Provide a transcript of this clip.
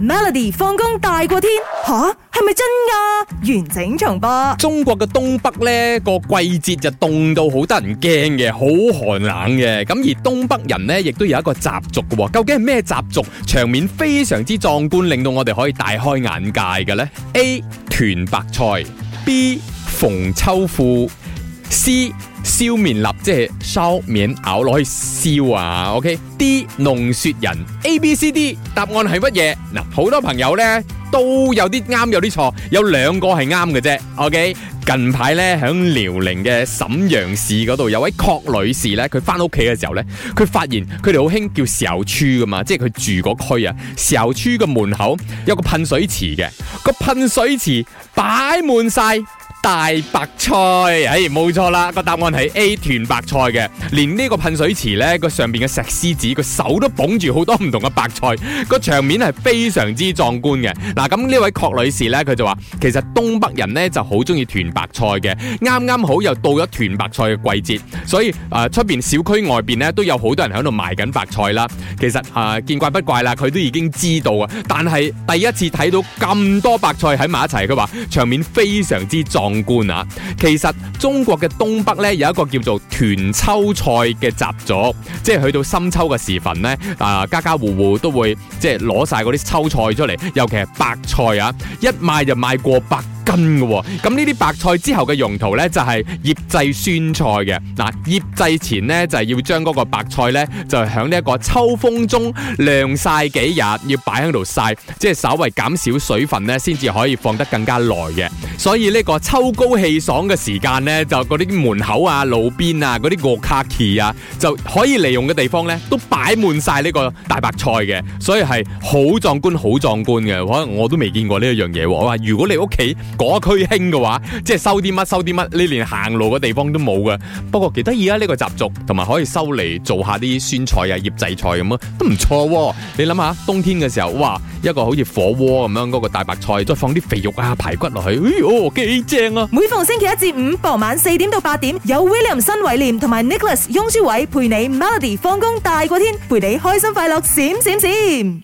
Melody 放工大過天吓，係咪真㗎？完整重播。中國嘅東北呢，呢個季節就凍到好得人驚嘅，好寒冷嘅。咁而東北人呢，亦都有一個習俗嘅。究竟係咩習俗？場面非常之壯觀，令到我哋可以大開眼界嘅呢。A 團白菜，B 逢秋褲，C。燒麵立即係燒麵，咬落去燒啊！OK，D，okay? 弄雪人 A、B、C、D，答案係乜嘢？嗱，好多朋友咧都有啲啱，有啲錯，有兩個係啱嘅啫。OK，近排咧響遼寧嘅瀋陽市嗰度，有位郭女士咧，佢翻屋企嘅時候咧，佢發現佢哋好興叫小區噶嘛，即係佢住嗰區啊。小區嘅門口有個噴水池嘅，個噴水池擺滿晒。大白菜，哎，冇錯啦，個答案係 A 囤白菜嘅，連呢個噴水池咧個上邊嘅石獅子個手都綁住好多唔同嘅白菜，個場面係非常之壯觀嘅。嗱、啊，咁呢位鄺女士咧，佢就話其實東北人咧就好中意囤白菜嘅，啱啱好又到咗囤白菜嘅季節，所以誒出邊小區外邊咧都有好多人喺度賣緊白菜啦。其實啊、呃、見怪不怪啦，佢都已經知道啊，但係第一次睇到咁多白菜喺埋一齊，佢話場面非常之壯官啊，其實中國嘅東北呢，有一個叫做團秋菜嘅習俗，即係去到深秋嘅時分呢，啊家家戶戶都會即係攞晒嗰啲秋菜出嚟，尤其係白菜啊，一賣就賣過百。根嘅咁呢啲白菜之後嘅用途呢，就係醃製酸菜嘅。嗱、啊，醃製前呢，就係、是、要將嗰個白菜呢，就喺呢一個秋風中晾曬幾日，要擺喺度曬，即係稍為減少水分呢，先至可以放得更加耐嘅。所以呢個秋高氣爽嘅時間呢，就嗰啲門口啊、路邊啊、嗰啲屋卡基啊，就可以利用嘅地方呢，都擺滿晒呢個大白菜嘅，所以係好壯觀、好壯觀嘅。可能我都未見過呢一樣嘢喎。我話如果你屋企，嗰區興嘅話，即係收啲乜收啲乜，你連行路嘅地方都冇㗎。不過記得而家呢個習俗同埋可以收嚟做下啲酸菜啊、腌製菜咁、啊、咯，都唔錯、啊。你諗下冬天嘅時候，哇，一個好似火鍋咁樣嗰個大白菜，再放啲肥肉啊、排骨落去，哎喲，幾、哦、正啊！每逢星期一至五傍晚四點到八點，有 William 新偉廉同埋 Nicholas 雍舒偉陪你 Melody 放工大過天，陪你開心快樂閃閃閃。閃閃閃。